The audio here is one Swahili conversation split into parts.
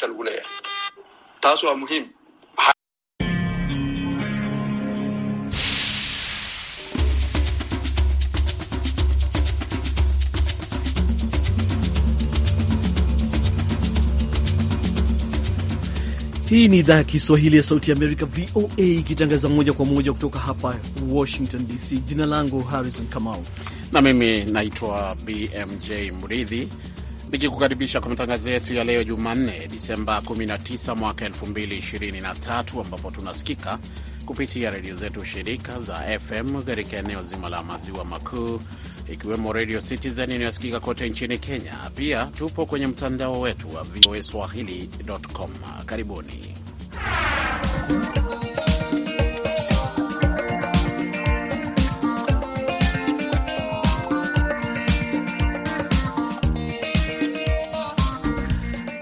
inta lagu leeyahay taas waa muhiim Hii ni idhaa ya Kiswahili ya Sauti ya Amerika, VOA, ikitangaza moja kwa moja kutoka hapa Washington DC. Jina langu Harrison Kamau na mimi naitwa BMJ Mridhi, nikikukaribisha kwa matangazo yetu ya leo Jumanne, Disemba 19 mwaka 2023, ambapo tunasikika kupitia redio zetu shirika za FM katika eneo zima la maziwa makuu ikiwemo Radio Citizen inayosikika kote nchini Kenya. Pia tupo kwenye mtandao wetu wa voa swahili.com. Karibuni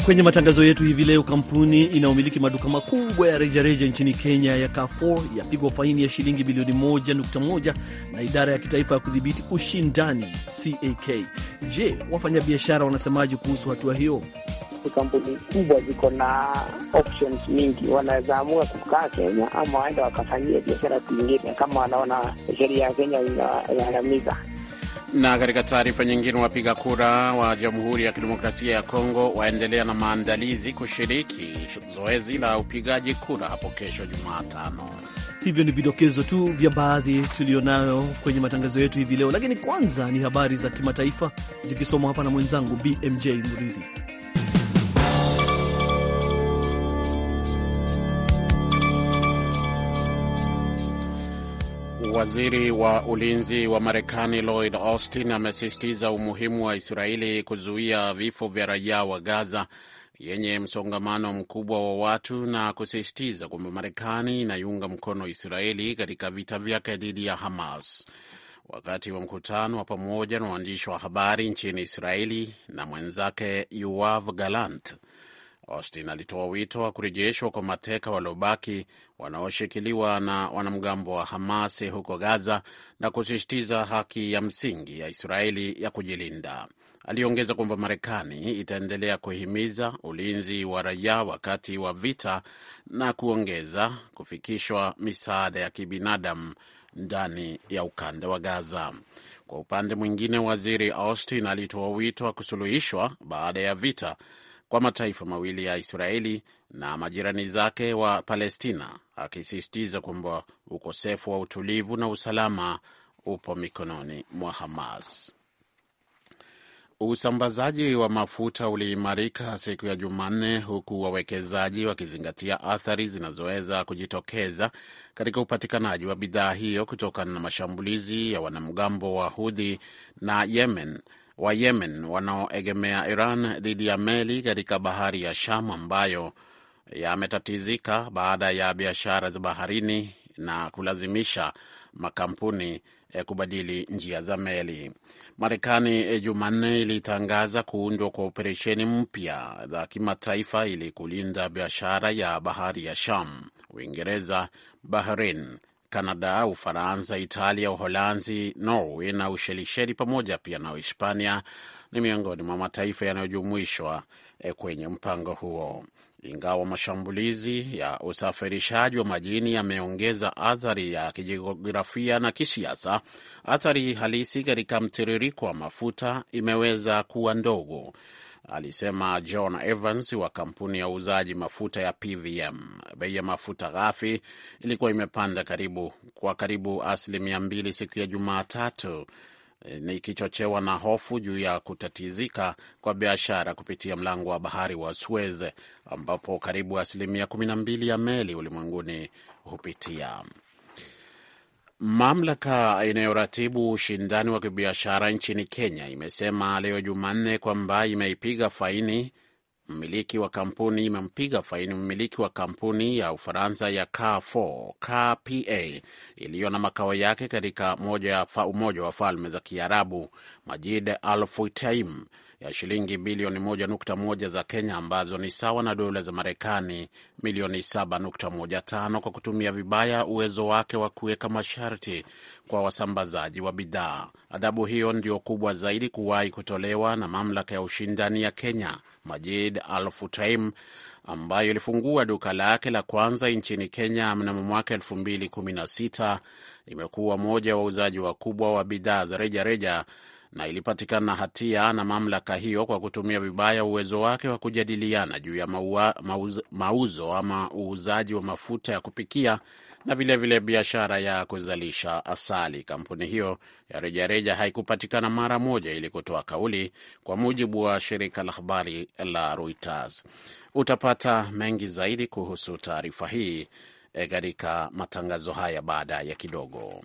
Kwenye matangazo yetu hivi leo, kampuni inayomiliki maduka makubwa ya rejareja nchini Kenya ya Carrefour yapigwa faini ya shilingi bilioni 1.1 na idara ya kitaifa ya kudhibiti ushindani CAK. Je, wafanyabiashara wanasemaje kuhusu hatua hiyo? Kampuni kubwa ziko na options mingi, wanaweza amua kukaa Kenya ama waenda wakafanyia biashara kwingine kama wanaona sheria ya Kenya inagharamiza na katika taarifa nyingine, wapiga kura wa Jamhuri ya Kidemokrasia ya Kongo waendelea na maandalizi kushiriki zoezi la upigaji kura hapo kesho Jumatano. Hivyo ni vidokezo tu vya baadhi tuliyonayo kwenye matangazo yetu hivi leo, lakini kwanza ni habari za kimataifa zikisomwa hapa na mwenzangu BMJ Muridhi. Waziri wa ulinzi wa Marekani Lloyd Austin amesisitiza umuhimu wa Israeli kuzuia vifo vya raia wa Gaza yenye msongamano mkubwa wa watu na kusisitiza kwamba Marekani inaiunga mkono Israeli katika vita vyake dhidi ya Hamas. Wakati wa mkutano wa pamoja na waandishi wa habari nchini Israeli na mwenzake Yoav Gallant Austin alitoa wito wa kurejeshwa kwa mateka waliobaki wanaoshikiliwa na wanamgambo wa Hamas huko Gaza na kusisitiza haki ya msingi ya Israeli ya kujilinda. Aliongeza kwamba Marekani itaendelea kuhimiza ulinzi wa raia wakati wa vita na kuongeza kufikishwa misaada ya kibinadamu ndani ya ukanda wa Gaza. Kwa upande mwingine, waziri Austin alitoa wito wa kusuluhishwa baada ya vita kwa mataifa mawili ya Israeli na majirani zake wa Palestina, akisisitiza kwamba ukosefu wa utulivu na usalama upo mikononi mwa Hamas. Usambazaji wa mafuta uliimarika siku ya Jumanne, huku wawekezaji wakizingatia athari zinazoweza kujitokeza katika upatikanaji wa bidhaa hiyo kutokana na mashambulizi ya wanamgambo wa Hudhi na Yemen wa Yemen wanaoegemea Iran dhidi ya meli katika bahari ya sham ambayo yametatizika baada ya biashara za baharini na kulazimisha makampuni eh, kubadili njia za meli. Marekani eh, Jumanne ilitangaza kuundwa kwa operesheni mpya za kimataifa ili kulinda biashara ya bahari ya Sham. Uingereza, Bahrain, Kanada, Ufaransa, Italia, Uholanzi, Norway na Ushelisheli pamoja pia na Uhispania ni miongoni mwa mataifa yanayojumuishwa eh, kwenye mpango huo. Ingawa mashambulizi ya usafirishaji wa majini yameongeza athari ya kijiografia na kisiasa, athari halisi katika mtiririko wa mafuta imeweza kuwa ndogo alisema John Evans wa kampuni ya uuzaji mafuta ya PVM. Bei ya mafuta ghafi ilikuwa imepanda karibu kwa karibu asilimia mbili siku ya Jumatatu, e, nikichochewa na hofu juu ya kutatizika kwa biashara kupitia mlango wa bahari wa Suez, ambapo karibu asilimia kumi na mbili ya meli ulimwenguni hupitia. Mamlaka inayoratibu ushindani wa kibiashara nchini Kenya imesema leo Jumanne kwamba imeipiga faini Mmiliki wa kampuni imempiga faini mmiliki wa kampuni ya Ufaransa ya Carrefour KPA iliyo na makao yake katika Umoja wa Falme za Kiarabu Majid Al Futtaim ya shilingi bilioni 1.1 za Kenya ambazo ni sawa na dola za Marekani milioni 7.15 kwa kutumia vibaya uwezo wake wa kuweka masharti kwa wasambazaji wa bidhaa. Adhabu hiyo ndio kubwa zaidi kuwahi kutolewa na mamlaka ya ushindani ya Kenya. Majid Al Futaim, ambayo ilifungua duka lake la kwanza nchini Kenya mnamo mwaka 2016 imekuwa moja wa uzaji wakubwa wa, wa bidhaa za rejareja na ilipatikana hatia na mamlaka hiyo kwa kutumia vibaya uwezo wake wa kujadiliana juu ya mauzo ama uuzaji wa mafuta ya kupikia na vilevile biashara ya kuzalisha asali. Kampuni hiyo ya rejareja haikupatikana mara moja ili kutoa kauli, kwa mujibu wa shirika la habari la Reuters. Utapata mengi zaidi kuhusu taarifa hii eh, katika matangazo haya baada ya kidogo.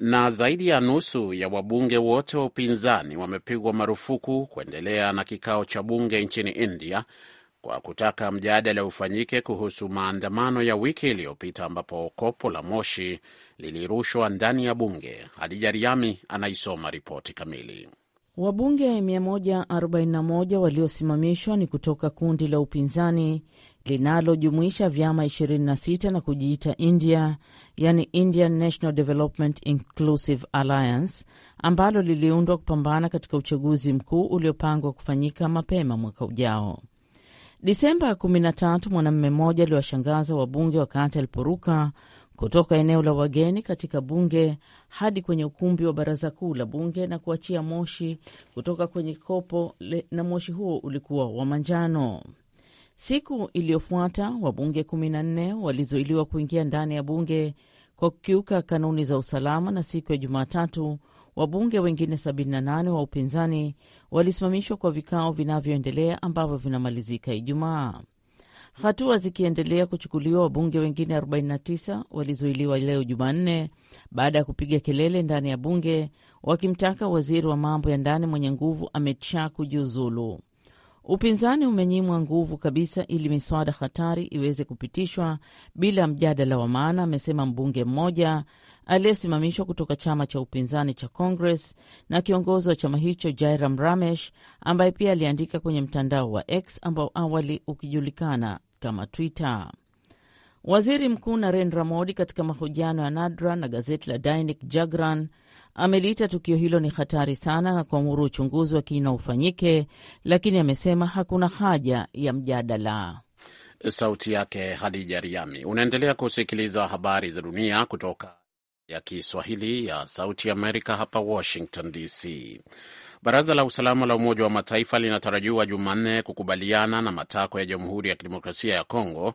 Na zaidi ya nusu ya wabunge wote wa upinzani wamepigwa marufuku kuendelea na kikao cha bunge nchini India kwa kutaka mjadala ufanyike kuhusu maandamano ya wiki iliyopita ambapo kopo la moshi lilirushwa ndani ya bunge. Hadija Riami anaisoma ripoti kamili. Wabunge 141 waliosimamishwa ni kutoka kundi la upinzani linalojumuisha vyama 26 na kujiita India, yani Indian National Development Inclusive Alliance, ambalo liliundwa kupambana katika uchaguzi mkuu uliopangwa kufanyika mapema mwaka ujao. Disemba 13 mwanamume mmoja aliwashangaza wabunge wakati aliporuka kutoka eneo la wageni katika bunge hadi kwenye ukumbi wa baraza kuu la bunge na kuachia moshi kutoka kwenye kopo le, na moshi huo ulikuwa wa manjano. Siku iliyofuata wabunge 14 walizuiliwa kuingia ndani ya bunge kwa kukiuka kanuni za usalama, na siku ya Jumatatu Wabunge wengine 78 wa upinzani walisimamishwa kwa vikao vinavyoendelea ambavyo vinamalizika Ijumaa. Hatua zikiendelea kuchukuliwa, wabunge wengine 49 walizuiliwa leo Jumanne baada ya kupiga kelele ndani ya bunge wakimtaka waziri wa mambo ya ndani mwenye nguvu Ahmed kujiuzulu. Upinzani umenyimwa nguvu kabisa ili miswada hatari iweze kupitishwa bila mjadala wa maana, amesema mbunge mmoja aliyesimamishwa kutoka chama cha upinzani cha Congress na kiongozi wa chama hicho Jairam Ramesh, ambaye pia aliandika kwenye mtandao wa X ambao awali ukijulikana kama Twitter. Waziri Mkuu Narendra Modi katika mahojiano ya nadra na gazeti la Dainik Jagran ameliita tukio hilo ni hatari sana na kuamuru uchunguzi wa kina ufanyike, lakini amesema hakuna haja ya mjadala. Sauti yake Hadija Riami. Unaendelea kusikiliza habari za dunia kutoka ya Kiswahili ya Sauti Amerika, hapa Washington DC. Baraza la Usalama la Umoja wa Mataifa linatarajiwa Jumanne kukubaliana na matakwa ya Jamhuri ya Kidemokrasia ya Kongo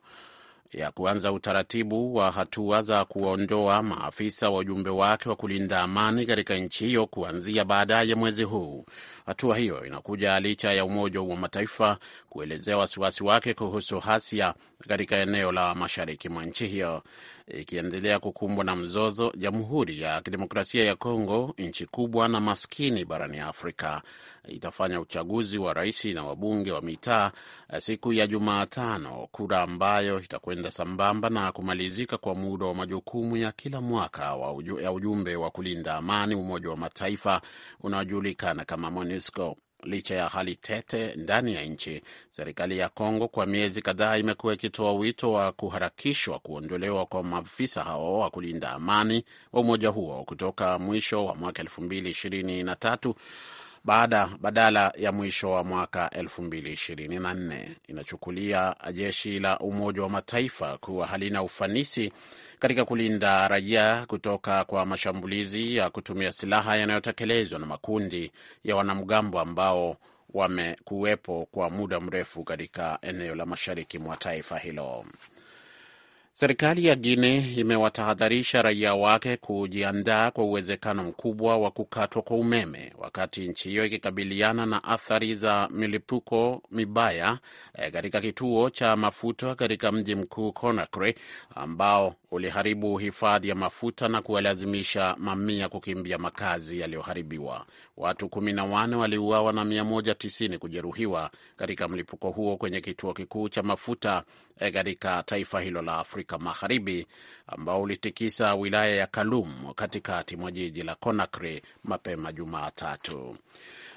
ya kuanza utaratibu wa hatua za kuwaondoa maafisa wa ujumbe wake wa kulinda amani katika nchi hiyo kuanzia baadaye mwezi huu. Hatua hiyo inakuja licha ya Umoja wa Mataifa kuelezea wasiwasi wake kuhusu hasia katika eneo la mashariki mwa nchi hiyo ikiendelea kukumbwa na mzozo, Jamhuri ya Kidemokrasia ya Kongo, nchi kubwa na maskini barani Afrika, itafanya uchaguzi wa rais na wabunge wa mitaa eh, siku ya Jumatano, kura ambayo itakwenda sambamba na kumalizika kwa muda wa majukumu ya kila mwaka wa uju, ya ujumbe wa kulinda amani Umoja wa Mataifa unaojulikana kama MONUSCO. Licha ya hali tete ndani ya nchi, serikali ya Kongo kwa miezi kadhaa imekuwa ikitoa wito wa kuharakishwa kuondolewa kwa maafisa hao wa kulinda amani wa umoja huo kutoka mwisho wa mwaka 2023 baada badala ya mwisho wa mwaka 2024. Inachukulia jeshi la Umoja wa Mataifa kuwa halina ufanisi katika kulinda raia kutoka kwa mashambulizi ya kutumia silaha yanayotekelezwa na makundi ya wanamgambo ambao wamekuwepo kwa muda mrefu katika eneo la mashariki mwa taifa hilo. Serikali ya guine imewatahadharisha raia wake kujiandaa kwa uwezekano mkubwa wa kukatwa kwa umeme wakati nchi hiyo ikikabiliana na athari za milipuko mibaya eh, katika kituo cha mafuta katika mji mkuu Conakry, ambao uliharibu hifadhi ya mafuta na kuwalazimisha mamia kukimbia makazi yaliyoharibiwa. Watu kumi na wane waliuawa na 190 kujeruhiwa katika mlipuko huo kwenye kituo kikuu cha mafuta eh, katika taifa hilo la Afrika Afrika Magharibi ambao ulitikisa wilaya ya Kalum katikati mwa jiji la Conakry mapema Jumatatu.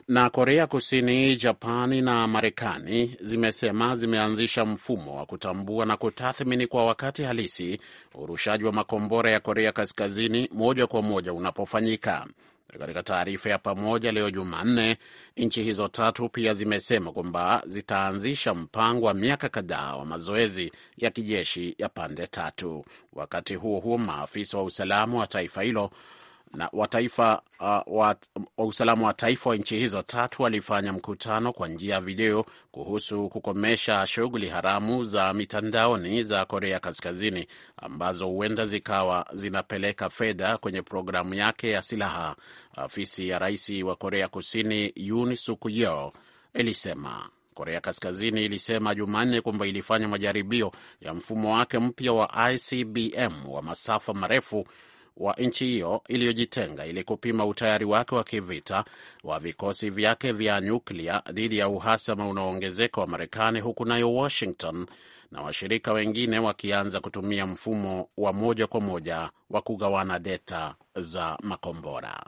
Na Korea Kusini, Japani na Marekani zimesema zimeanzisha mfumo wa kutambua na kutathmini kwa wakati halisi urushaji wa makombora ya Korea Kaskazini moja kwa moja unapofanyika. Katika taarifa ya pamoja leo Jumanne, nchi hizo tatu pia zimesema kwamba zitaanzisha mpango wa miaka kadhaa wa mazoezi ya kijeshi ya pande tatu. Wakati huo huo, maafisa wa usalama wa taifa hilo na wa taifa uh, wa usalama wa taifa wa nchi hizo tatu walifanya mkutano kwa njia ya video kuhusu kukomesha shughuli haramu za mitandaoni za Korea Kaskazini ambazo huenda zikawa zinapeleka fedha kwenye programu yake ya silaha. Afisi ya rais wa Korea Kusini Yoon Suk Yeol ilisema Korea Kaskazini ilisema Jumanne kwamba ilifanya majaribio ya mfumo wake mpya wa ICBM wa masafa marefu wa nchi hiyo iliyojitenga ili kupima utayari wake wa kivita wa vikosi vyake vya nyuklia dhidi ya uhasama unaoongezeka wa Marekani, huku nayo Washington na washirika wengine wakianza kutumia mfumo wa moja kwa moja wa kugawana deta za makombora.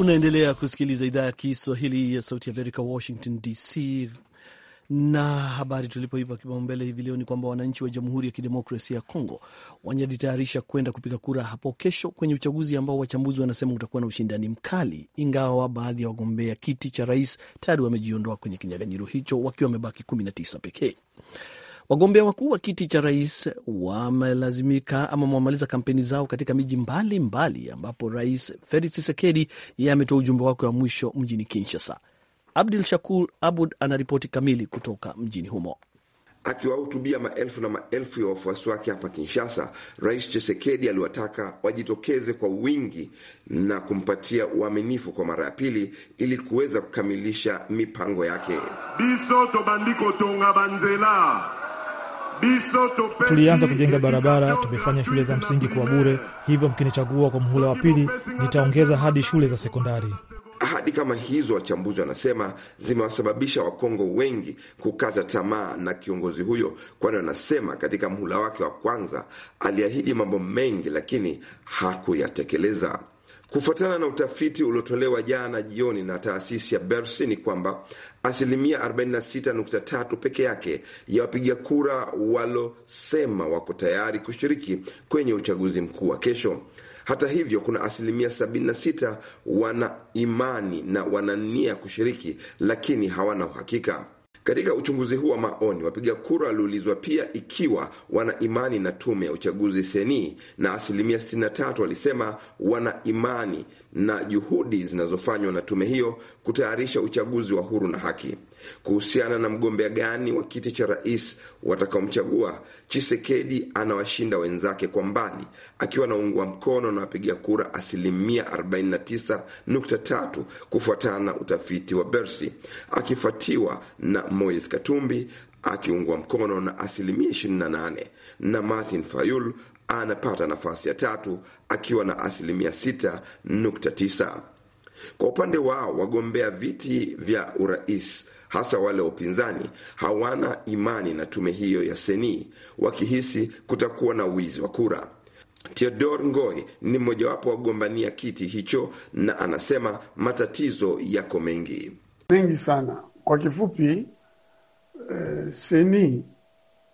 Unaendelea kusikiliza idhaa ya Kiswahili ya Sauti ya Amerika, Washington DC. Na habari tulipoipa kipaumbele hivi leo ni kwamba wananchi wa Jamhuri ya Kidemokrasia ya Kongo wanajitayarisha kwenda kupiga kura hapo kesho kwenye uchaguzi ambao wachambuzi wanasema utakuwa na ushindani mkali, ingawa baadhi ya wagombea kiti cha rais tayari wamejiondoa kwenye kinyaganyiro hicho wakiwa wamebaki 19 pekee. Wagombea wakuu wa kiti cha rais wamelazimika ama wamemaliza kampeni zao katika miji mbalimbali mbali, ambapo Rais Felix Tshisekedi yeye ametoa ujumbe wake wa mwisho mjini Kinshasa. Abdul Shakur Abud anaripoti kamili kutoka mjini humo. Akiwahutubia maelfu na maelfu ya wafuasi wake hapa Kinshasa, Rais Chisekedi aliwataka wajitokeze kwa wingi na kumpatia uaminifu kwa mara ya pili ili kuweza kukamilisha mipango yake biso tobandi kotonga banzela Tulianza kujenga barabara, tumefanya shule za msingi kuwa bure. Hivyo mkinichagua kwa mhula wa pili, nitaongeza hadi shule za sekondari. Ahadi kama hizo, wachambuzi wanasema zimewasababisha Wakongo wengi kukata tamaa na kiongozi huyo, kwani wanasema katika mhula wake wa kwanza aliahidi mambo mengi, lakini hakuyatekeleza. Kufuatana na utafiti uliotolewa jana jioni na taasisi ya Bersi ni kwamba asilimia 46.3 peke yake ya wapiga kura walosema wako tayari kushiriki kwenye uchaguzi mkuu wa kesho. Hata hivyo kuna asilimia 76 wana imani na wanania kushiriki, lakini hawana uhakika. Katika uchunguzi huu wa maoni, wapiga kura waliulizwa pia ikiwa wana imani na tume ya uchaguzi seni, na asilimia 63 walisema wana imani na juhudi zinazofanywa na tume hiyo kutayarisha uchaguzi wa huru na haki kuhusiana na mgombea gani wa kiti cha rais watakaomchagua. Chisekedi anawashinda wenzake kwa mbali, akiwa anaungwa mkono na wapiga kura asilimia 49.3 kufuatana na utafiti wa Bersi, akifuatiwa na Moise Katumbi akiungwa mkono na asilimia 28 na Martin Fayul anapata nafasi ya tatu akiwa na asilimia 6.9. Kwa upande wao wagombea viti vya urais hasa wale wa upinzani, hawana imani na tume hiyo ya Seni, wakihisi kutakuwa na wizi wa kura. teodor Ngoy ni mmojawapo wa kugombania kiti hicho, na anasema matatizo yako mengi mengi sana. Kwa kifupi, eh, Seni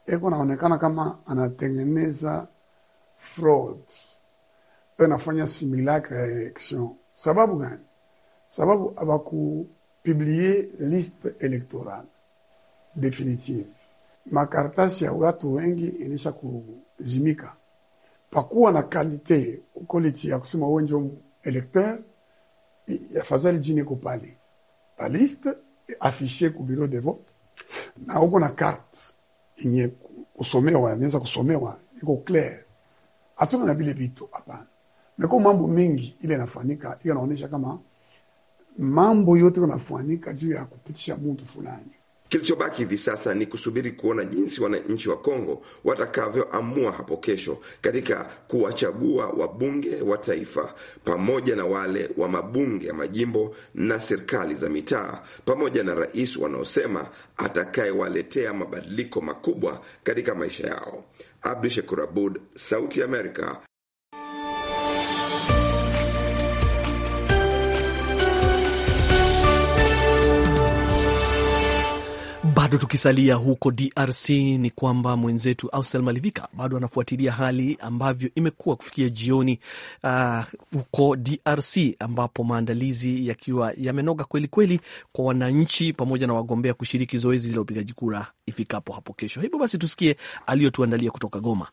eko naonekana kama anatengeneza fraud, anafanya simulacre ya election. Sababu gani? Sababu abaku publier list electoral definitive. Makaratasi ya watu wengi inaisha kuzimika, pakuwa na kalite ukoliti ya kusema uwe njo elekteur, afadhali jini iko paliste afishe ku bureau de vote, na uko na karte yenye kusomewa, inaweza kusomewa, iko clair. Hatuna na vile vitu hapana, meko mambo mingi ile inafanika, hiyo inaonyesha kama mambo yote yanafanyika juu ya kupitisha mtu fulani. Kilichobaki hivi sasa ni kusubiri kuona jinsi wananchi wa Kongo watakavyoamua hapo kesho katika kuwachagua wabunge wa taifa pamoja na wale wa mabunge ya majimbo na serikali za mitaa pamoja na rais wanaosema atakayewaletea mabadiliko makubwa katika maisha yao. Abdu Shakur Abud, Sauti ya Amerika. Bado tukisalia huko DRC ni kwamba mwenzetu Austel Malivika bado anafuatilia hali ambavyo imekuwa kufikia jioni uh, huko DRC ambapo maandalizi yakiwa yamenoga kweli kweli kwa wananchi pamoja na wagombea kushiriki zoezi la upigaji kura ifikapo hapo kesho. Hivyo basi tusikie aliyotuandalia kutoka Goma.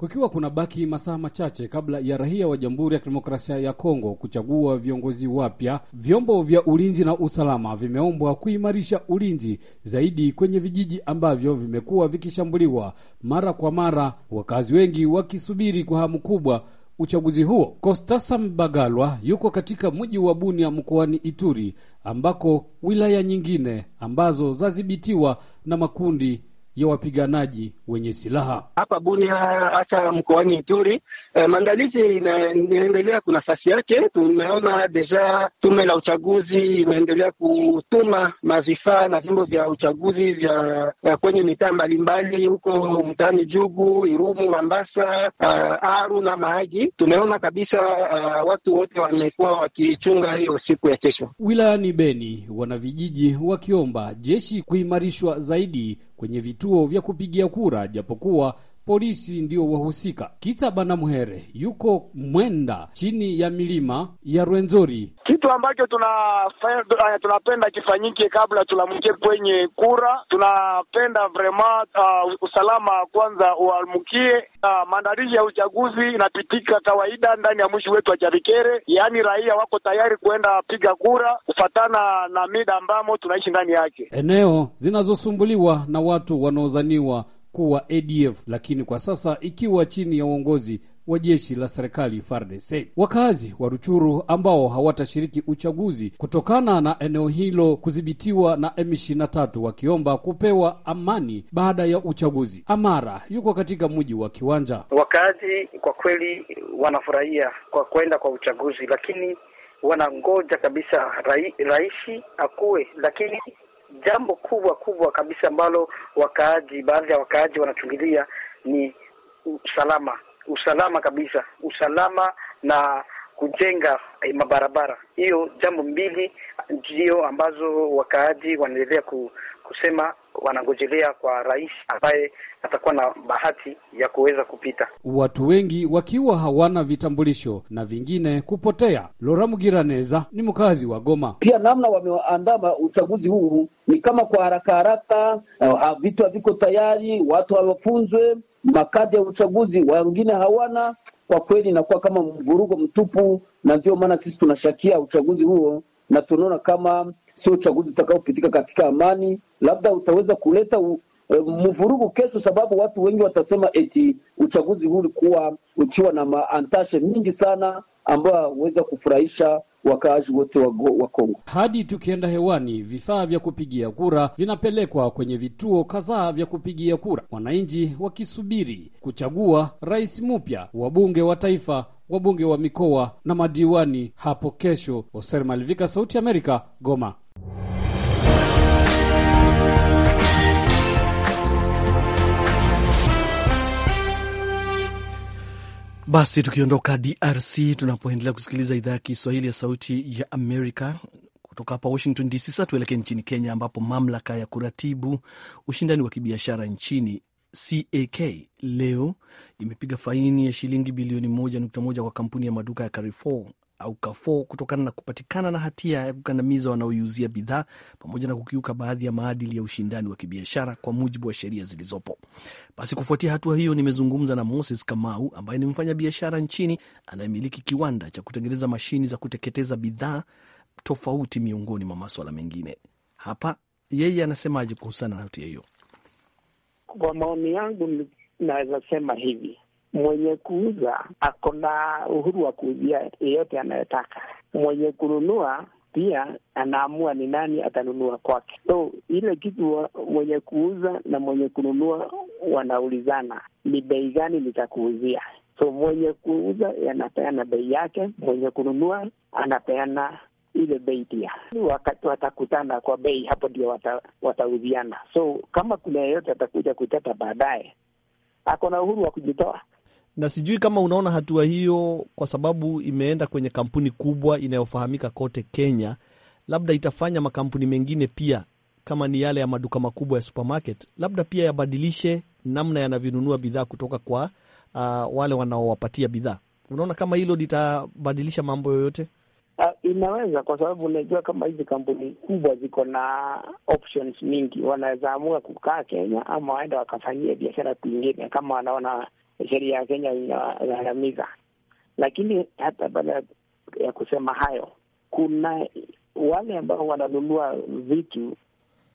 Kukiwa kuna baki masaa machache kabla ya raia wa Jamhuri ya Kidemokrasia ya Kongo kuchagua viongozi wapya, vyombo vya ulinzi na usalama vimeombwa kuimarisha ulinzi zaidi kwenye vijiji ambavyo vimekuwa vikishambuliwa mara kwa mara, wakazi wengi wakisubiri kwa hamu kubwa uchaguzi huo. Kostasa Mbagalwa yuko katika mji wa Bunia mkoani Ituri, ambako wilaya nyingine ambazo zazibitiwa na makundi ya wapiganaji wenye silaha hapa Bunia, hasa mkoani Ituri. E, maandalizi inaendelea kuna nafasi yake. Tumeona deja tume la uchaguzi imeendelea kutuma mavifaa na vyombo vya uchaguzi vya kwenye mitaa mbalimbali huko mtaani Jugu, Irumu, Mambasa, eh, Aru na Mahagi. Tumeona kabisa a, eh, watu wote wamekuwa wakichunga hiyo siku ya kesho. Wilayani Beni, wanavijiji wakiomba jeshi kuimarishwa zaidi kwenye vituo vya kupigia kura, japokuwa polisi ndio wahusika. Kita Muhere yuko Mwenda, chini ya milima ya Rwenzori. Kitu ambacho eh, tunapenda kifanyike kabla tulamke kwenye kura, tunapenda vrema uh, usalama kwanza uamkie. Uh, maandalizi ya uchaguzi inapitika kawaida ndani ya mwishi wetu wa chavikere yaani raia wako tayari kuenda piga kura kufatana na mida ambamo tunaishi ndani yake, eneo zinazosumbuliwa na watu wanaozaniwa kuwa ADF, lakini kwa sasa ikiwa chini ya uongozi wa jeshi la serikali FARDC. Wakazi wa Ruchuru ambao hawatashiriki uchaguzi kutokana na eneo hilo kudhibitiwa na M23 wakiomba kupewa amani baada ya uchaguzi. Amara yuko katika mji wa Kiwanja. Wakazi kwa kweli wanafurahia kwa kwenda kwa uchaguzi, lakini wanangoja kabisa rai, raisi akuwe, lakini jambo kubwa kubwa kabisa ambalo wakaaji, baadhi ya wakaaji wanachungilia ni usalama, usalama kabisa, usalama na kujenga eh, mabarabara. Hiyo jambo mbili ndio ambazo wakaaji wanaendelea kusema wanangojelea kwa rais ambaye atakuwa na bahati ya kuweza kupita, watu wengi wakiwa hawana vitambulisho na vingine kupotea. Lora Mugiraneza ni mkazi wa Goma. Pia namna wameandaa uchaguzi huu ni kama kwa haraka haraka, eh, vitu haviko tayari, watu hawafunzwe makadi ya uchaguzi wengine hawana. Kwa kweli inakuwa kama mvurugo mtupu, na ndio maana sisi tunashakia uchaguzi huo na tunaona kama sio uchaguzi utakaopitika katika amani, labda utaweza kuleta u, e, mvurugu kesho, sababu watu wengi watasema eti uchaguzi huu ulikuwa ukiwa na maantashe mingi sana ambayo aweza kufurahisha wakaaji wote wa Kongo. Hadi tukienda hewani, vifaa vya kupigia kura vinapelekwa kwenye vituo kadhaa vya kupigia kura, wananchi wakisubiri kuchagua rais mpya, wabunge wa taifa wabunge wa mikoa na madiwani hapo kesho. Hoser Malivika, Sauti ya Amerika, Goma. Basi tukiondoka DRC, tunapoendelea kusikiliza idhaa ya Kiswahili ya Sauti ya Amerika kutoka hapa Washington DC. Sasa tuelekee nchini Kenya, ambapo mamlaka ya kuratibu ushindani wa kibiashara nchini CAK leo imepiga faini ya shilingi bilioni 1.1 kwa kampuni ya maduka ya Carrefour au Carrefour kutokana na kupatikana na hatia ya kukandamiza wanaoiuzia bidhaa pamoja na kukiuka baadhi ya maadili ya ushindani wa kibiashara kwa mujibu wa sheria zilizopo. Basi kufuatia hatua hiyo, nimezungumza na Moses Kamau ambaye ni mfanyabiashara nchini anayemiliki kiwanda cha kutengeneza mashini za kuteketeza bidhaa tofauti, miongoni mwa maswala mengine. Hapa yeye anasemaje kuhusiana na hatua hiyo? Kwa maoni yangu, naweza sema hivi, mwenye kuuza ako na uhuru wa kuuzia yeyote anayotaka. Mwenye kununua pia anaamua ni nani atanunua kwake. So ile kitu mwenye kuuza na mwenye kununua wanaulizana ni bei gani nitakuuzia. So mwenye kuuza anapeana bei yake, mwenye kununua anapeana ile bei pia watakutana kwa bei, hapo ndio wata, So kama kuna yeyote atakuja kuteta baadaye, ako na uhuru wa kujitoa. Na sijui kama unaona hatua hiyo, kwa sababu imeenda kwenye kampuni kubwa inayofahamika kote Kenya, labda itafanya makampuni mengine pia, kama ni yale ya maduka makubwa ya supermarket, labda pia yabadilishe namna yanavyonunua bidhaa kutoka kwa uh, wale wanaowapatia bidhaa. Unaona kama hilo litabadilisha mambo yoyote? Uh, inaweza kwa sababu unajua kama hizi kampuni kubwa ziko na options mingi, wanaweza amua kukaa Kenya ama waenda wakafanyia biashara kwingine kama wanaona sheria ya Kenya inagharamiza. Lakini hata baada ya kusema hayo, kuna wale ambao wananunua vitu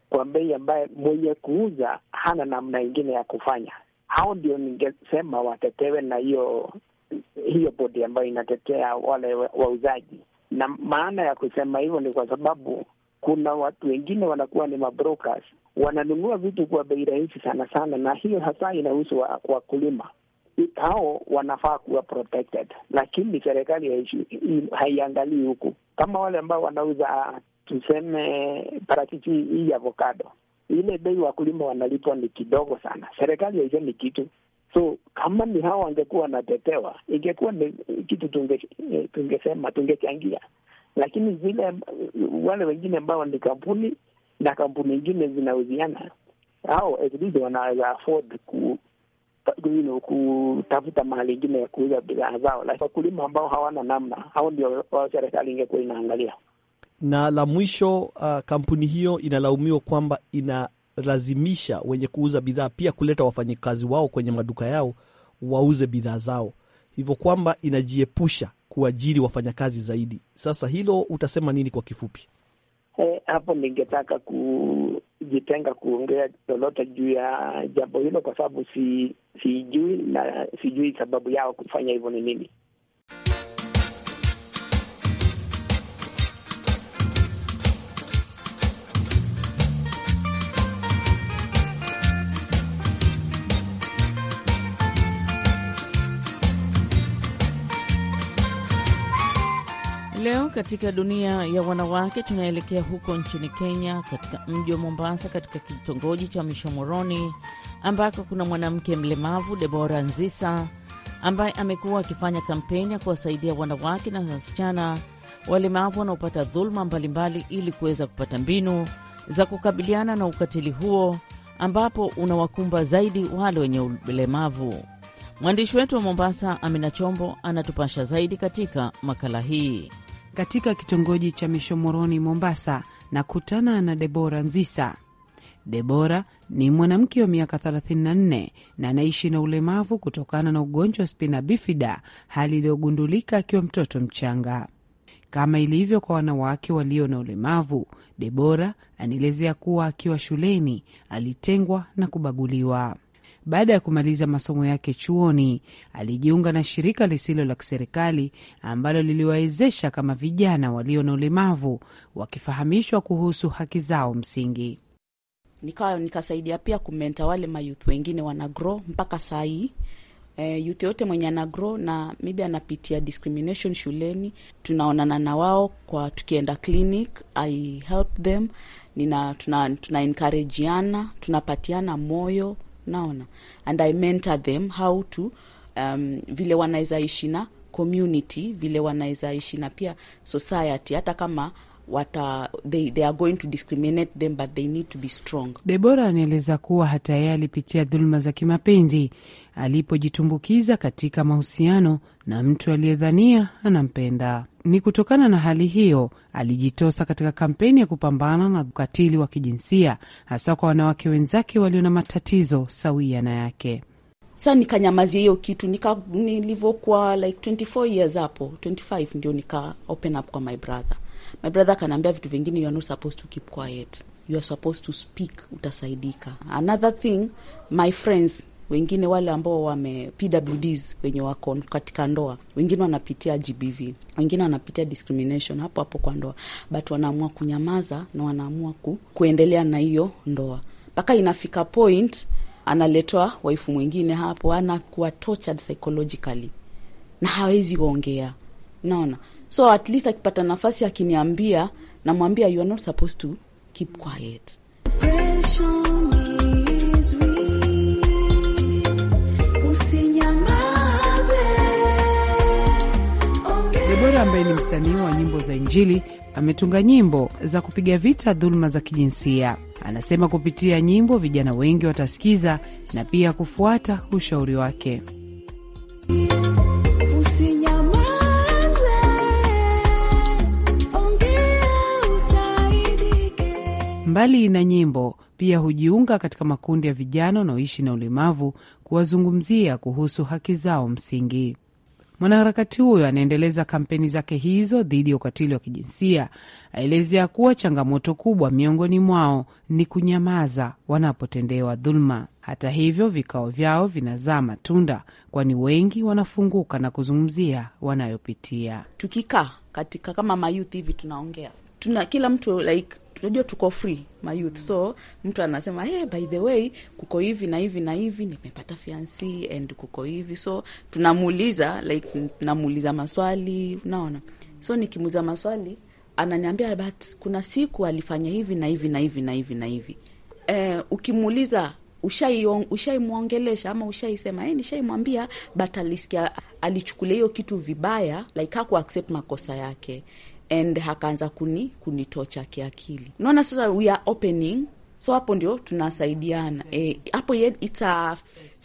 kwa bei ambaye mwenye kuuza hana namna ingine ya kufanya. Hao ndio ningesema watetewe na hiyo hiyo bodi ambayo inatetea wale wauzaji na maana ya kusema hivyo ni kwa sababu kuna watu wengine wanakuwa ni mabrokers, wananunua vitu kwa bei rahisi sana sana, na hiyo hasa inahusu wakulima. Hao wanafaa kuwa protected, lakini serikali haiangalii huku, kama wale ambao wanauza tuseme parachichi hii avocado, ile bei wakulima wanalipwa ni kidogo sana, serikali haisemi kitu. So kama ni hao wangekuwa wanatetewa, ingekuwa ni kitu tunge, eh, tungesema tungechangia, lakini zile wale wengine ambao ni kampuni na kampuni ingine zinauziana, hao at least wanaweza afford ku kutafuta mahali ingine ya kuuza bidhaa zao, lakini wakulima ambao hawana namna, hao ndio serikali ingekuwa inaangalia. Na la mwisho, uh, kampuni hiyo inalaumiwa kwamba ina kuwalazimisha wenye kuuza bidhaa pia kuleta wafanyikazi wao kwenye maduka yao wauze bidhaa zao, hivyo kwamba inajiepusha kuajiri wafanyakazi zaidi. Sasa hilo utasema nini kwa kifupi? He, eh, hapo ningetaka kujitenga kuongea lolote juu ya jambo hilo kwa sababu si sijui na sijui sababu yao kufanya hivyo ni nini. leo katika dunia ya wanawake, tunaelekea huko nchini Kenya, katika mji wa Mombasa, katika kitongoji cha Mishomoroni ambako kuna mwanamke mlemavu Debora Nzisa ambaye amekuwa akifanya kampeni ya kuwasaidia wanawake na wasichana walemavu wanaopata dhuluma mbalimbali ili kuweza kupata mbinu za kukabiliana na ukatili huo ambapo unawakumba zaidi wale wenye ulemavu. Mwandishi wetu wa Mombasa, Amina Chombo, anatupasha zaidi katika makala hii katika kitongoji cha Mishomoroni, Mombasa, na kutana na Debora Nzisa. Debora ni mwanamke wa miaka 34 na anaishi na ulemavu kutokana na ugonjwa wa spina bifida, hali iliyogundulika akiwa mtoto mchanga. Kama ilivyo kwa wanawake walio na ulemavu, Debora anaelezea kuwa akiwa shuleni alitengwa na kubaguliwa. Baada ya kumaliza masomo yake chuoni, alijiunga na shirika lisilo la kiserikali ambalo liliwawezesha kama vijana walio na ulemavu wakifahamishwa kuhusu haki zao msingi. Nika, nikasaidia pia kumenta wale mayuth wengine wana mpaka saa hii. E, eh, youth yote mwenye ana na maybe anapitia discrimination shuleni, tunaonana na wao kwa tukienda clinic, I help them nina tuna, tuna encourageana tunapatiana moyo naona and I mentor them how to um, vile wanaweza ishi na community, vile wanaweza ishi na pia society, hata kama wata they, they are going to discriminate them but they need to be strong. Debora anaeleza kuwa hata yeye alipitia dhuluma za kimapenzi alipojitumbukiza katika mahusiano na mtu aliyedhania anampenda. Ni kutokana na hali hiyo alijitosa katika kampeni ya kupambana na ukatili wa kijinsia hasa kwa wanawake wenzake walio na matatizo sawia na yake. Sa nikanyamazia hiyo kitu nika, nilivyokuwa like 24 years hapo 25 ndio nika open up kwa my brother My brother akaniambia vitu vingine, you are not supposed to keep quiet, you are supposed to speak, utasaidika. Another thing my friends wengine wale ambao wame PWDs wenye wako katika ndoa, wengine wanapitia GBV, wengine wanapitia discrimination hapo hapo kwa ndoa, but wanaamua kunyamaza na wanaamua ku, kuendelea na hiyo ndoa mpaka inafika point analetwa waifu mwingine hapo, anakuwa tortured psychologically na hawezi kuongea, naona So at least akipata nafasi akiniambia, namwambia you are not supposed to keep quiet. Debora ambaye ni msanii wa nyimbo za Injili ametunga nyimbo za kupiga vita dhuluma za kijinsia. Anasema kupitia nyimbo vijana wengi watasikiza na pia kufuata ushauri wake. mbali na nyimbo, pia hujiunga katika makundi ya vijana wanaoishi na ulemavu kuwazungumzia kuhusu haki zao msingi. Mwanaharakati huyo anaendeleza kampeni zake hizo dhidi ya ukatili wa kijinsia, aelezea kuwa changamoto kubwa miongoni mwao ni kunyamaza wanapotendewa dhuluma. Hata hivyo, vikao vyao vinazaa matunda, kwani wengi wanafunguka na kuzungumzia wanayopitia. Tukikaa katika kama mayuth hivi tunaongea tuna kila mtu like tunajua tuko free my youth, mm. so mtu anasema hey, by the way kuko hivi na hivi na hivi, nimepata fiansi and kuko hivi, so tunamuuliza like, namuuliza maswali, unaona. So nikimuuliza maswali ananiambia but kuna siku alifanya hivi na hivi na hivi na hivi na hivi. Eh, ukimuuliza ushaimwongelesha ama ushaisema eh, nishaimwambia but alisikia, alichukulia hiyo kitu vibaya like hakuaccept makosa yake and hakaanza kuni kunitocha kiakili. Unaona, sasa we are opening, so hapo ndio tunasaidiana eh, hapo e, it's a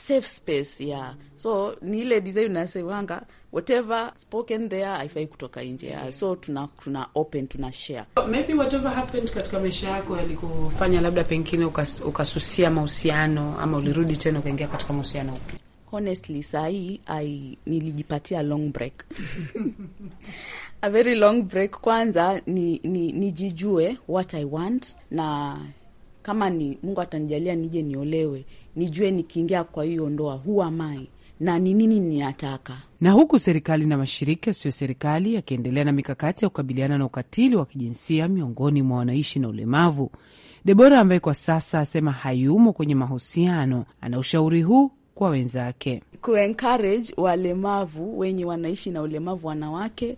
safe space yeah. So ni ile design unasemanga whatever spoken there haifai kutoka nje yeah. So tuna, tuna open tuna share maybe whatever happened katika maisha yako yalikufanya labda pengine ukas, ukasusia mahusiano ama ulirudi tena ukaingia katika mahusiano upi? Honestly, sahii nilijipatia long break a very long break. Kwanza ni, ni nijijue what I want, na kama ni Mungu atanijalia nije niolewe, nijue nikiingia kwa hiyo ndoa who mai na ni nini ninataka. Na huku serikali na mashirika yasiyo serikali yakiendelea na mikakati ya kukabiliana na ukatili wa kijinsia miongoni mwa wanaishi na ulemavu, Debora ambaye kwa sasa asema hayumo kwenye mahusiano, ana ushauri huu kwa wenzake: kuencourage walemavu wenye wanaishi na ulemavu wanawake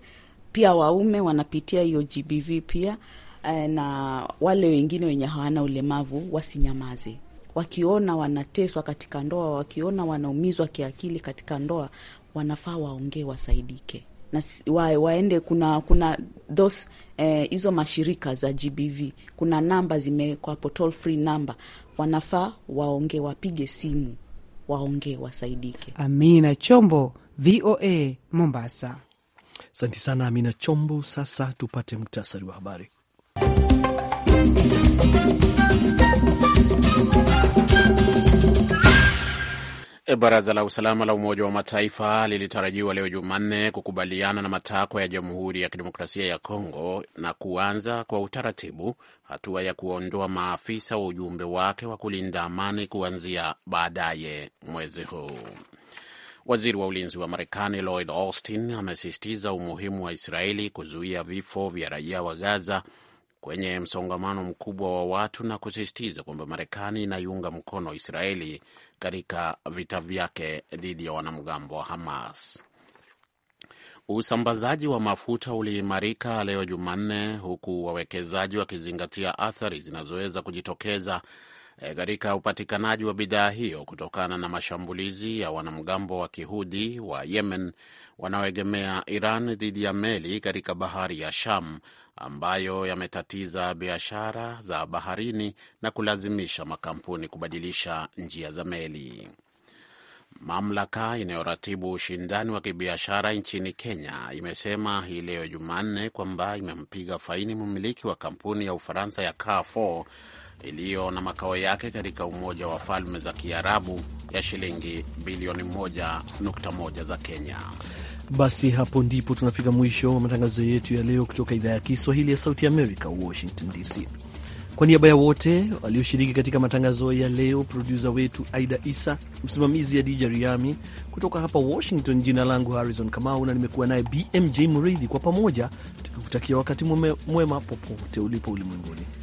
pia waume wanapitia hiyo GBV pia eh, na wale wengine wenye hawana ulemavu wasinyamaze wakiona wanateswa katika ndoa, wakiona wanaumizwa kiakili katika ndoa, wanafaa waongee, wasaidike na wa, waende. Kuna kuna dos eh, hizo eh, mashirika za GBV, kuna namba zimewekwa hapo, toll free namba, wanafaa waongee, wapige simu, waongee, wasaidike. Amina Chombo, VOA Mombasa. Asante sana Amina Chombo. Sasa tupate muktasari wa habari. E, Baraza la usalama la Umoja wa Mataifa lilitarajiwa leo Jumanne kukubaliana na matakwa ya Jamhuri ya Kidemokrasia ya Kongo na kuanza kwa utaratibu hatua ya kuondoa maafisa wa ujumbe wake wa kulinda amani kuanzia baadaye mwezi huu. Waziri wa ulinzi wa Marekani Lloyd Austin amesisitiza umuhimu wa Israeli kuzuia vifo vya raia wa Gaza kwenye msongamano mkubwa wa watu na kusisitiza kwamba Marekani inaiunga mkono Israeli katika vita vyake dhidi ya wanamgambo wa Hamas. Usambazaji wa mafuta uliimarika leo Jumanne, huku wawekezaji wakizingatia athari zinazoweza kujitokeza E, katika e, upatikanaji wa bidhaa hiyo kutokana na mashambulizi ya wanamgambo wa kihudhi wa Yemen wanaoegemea Iran dhidi ya meli katika bahari ya Sham ambayo yametatiza biashara za baharini na kulazimisha makampuni kubadilisha njia za meli. Mamlaka inayoratibu ushindani wa kibiashara nchini Kenya imesema hii leo Jumanne kwamba imempiga faini mmiliki wa kampuni ya Ufaransa ya Carrefour iliyo na makao yake katika Umoja wa Falme za Kiarabu ya shilingi bilioni 1.1 za Kenya. Basi hapo ndipo tunafika mwisho wa matangazo yetu ya leo kutoka idhaa ya Kiswahili ya Sauti Amerika, Washington DC. Kwa niaba ya wote walioshiriki katika matangazo ya leo, produsa wetu Aida Isa, msimamizi ya Dija Riami kutoka hapa Washington, jina langu Harrison Kamau na nimekuwa naye BMJ Mridhi, kwa pamoja tukikutakia wakati mwema popote ulipo ulimwenguni.